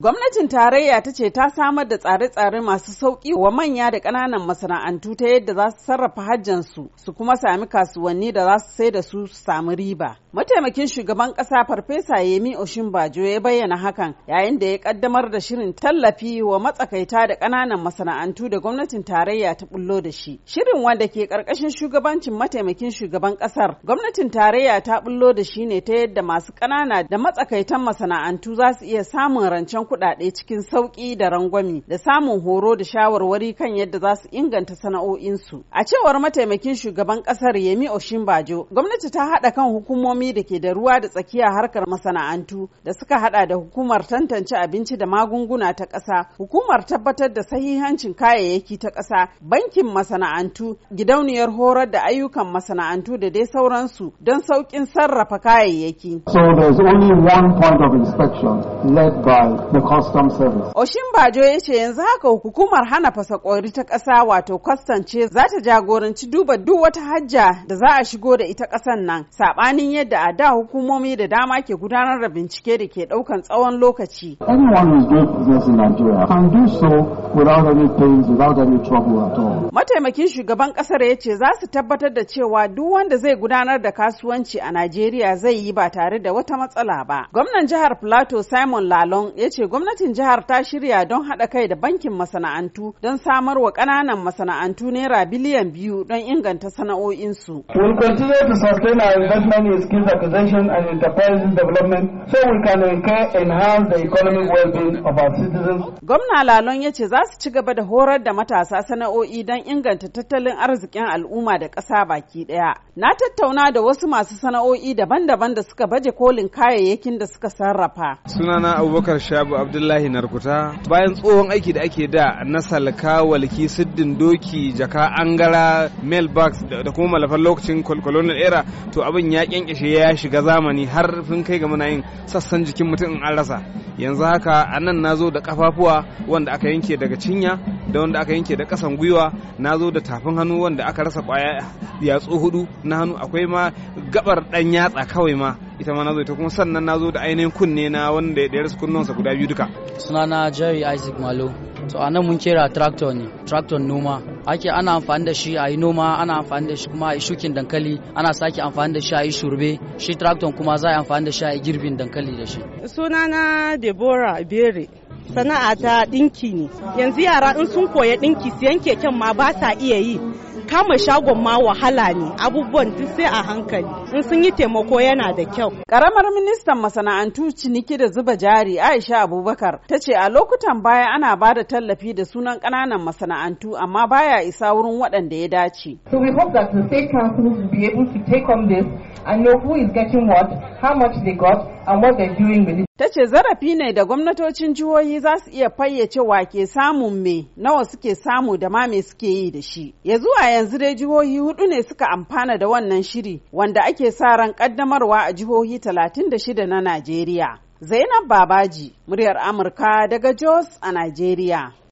Gwamnatin tarayya ta ce ta samar da tsare-tsare masu sauƙi wa manya da ƙananan masana'antu ta yadda za su sarrafa hajjansu su kuma sami kasuwanni da za su sai da su su sami riba. Mataimakin shugaban ƙasa Farfesa Yemi Oshinbajo ya bayyana hakan yayin da ya ƙaddamar da shirin tallafi wa matsakaita da ƙananan masana'antu da gwamnatin tarayya ta bullo da shi. Shirin wanda ke ƙarƙashin shugabancin mataimakin shugaban ƙasar, gwamnatin tarayya ta bullo da shi ne ta yadda masu ƙanana da matsakaitan masana'antu za su iya samun rancen kuɗaɗe cikin sauƙi da rangwami da samun horo da shawarwari kan yadda za su inganta sana'o'insu. A cewar mataimakin shugaban ƙasar Yemi Oshimbajo, gwamnati ta haɗa kan hukumomi da ke da ruwa da tsakiya harkar masana'antu da suka haɗa da hukumar tantance abinci da magunguna ta ƙasa, hukumar tabbatar da sahihancin kayayyaki ta ƙasa, bankin masana'antu, gidauniyar horar da ayyukan masana'antu da dai sauransu don sauƙin sarrafa kayayyaki. So the custom service. Oshin Bajo ya ce yanzu haka hukumar hana fasa fasakori ta ƙasa wato kwastan ce za ta jagoranci duba duk wata hajja da za a shigo da ita ƙasan nan saɓanin yadda a da hukumomi da dama ke gudanar da bincike da ke ɗaukan tsawon lokaci. Mataimakin shugaban ƙasar ya ce za su tabbatar da cewa duk wanda zai gudanar da kasuwanci a Najeriya zai yi ba tare da wata matsala ba. Gwamnan jihar Plateau Simon Lalong ya ce gwamnatin jihar ta shirya don haɗa kai da bankin masana'antu don samar wa ƙananan masana'antu naira biliyan biyu don inganta sana'o'insu. We continue to sustain our investment in skills acquisition and enterprise development so we can enhance the economic well of our citizens. Gwamna Lalon ya ce za su ci gaba da horar da matasa sana'o'i don inganta tattalin arzikin al'umma da ƙasa baki ɗaya. Na tattauna da wasu masu sana'o'i daban-daban da suka baje kolin kayayyakin da suka sarrafa. Sunana Abubakar Shabu abdullahi narkuta bayan tsohon aiki da ake da na salka walki siddin doki jaka angara mailbox da kuma malafan lokacin colonial era to abin ya kyankyashe ya shiga zamani har fin kai ga muna yin sassan jikin mutum in an rasa yanzu haka anan nan na zo da kafafuwa wanda aka yanke daga cinya da wanda aka yanke da kasan gwiwa na zo da tafin hannu wanda aka rasa kwaya yatsu hudu na hannu akwai ma gabar dan yatsa kawai ma ita ma nazo ita kuma sannan nazo da ainihin kunne na wanda ya ya rasa kunnuwansa guda biyu duka sunana Jerry Isaac Malo to a nan mun kera tractor ne tractor noma ake ana amfani da shi a yi noma ana amfani da shi kuma a yi shukin dankali ana sake amfani da shi a yi shurbe shi tractor kuma za a yi amfani da shi a yi girbin dankali da shi sunana Deborah Bere sana'a ta dinki ne yanzu yara in sun koya dinki siyan keken ma ba sa iya yi kama shagon ma wahala ne abubuwan duk sai a hankali in sun yi taimako yana da kyau karamar ministan masana'antu ciniki da zuba jari aisha abubakar ta ce a lokutan baya ana ba da tallafi da sunan ƙananan masana'antu amma baya isa wurin waɗanda ya dace so we hope that the state council will be able to take on this and know who is getting what how much they got Ta ce zarafi ne da gwamnatocin jihohi za su iya fayyace wa ke samun me nawa suke samu da ma me suke yi da shi. Ya zuwa yanzu dai jihohi hudu ne suka amfana da wannan shiri wanda ake sa ran kaddamarwa a jihohi talatin da shida na Najeriya. Zainab Babaji, muryar Amurka daga Jos a Najeriya.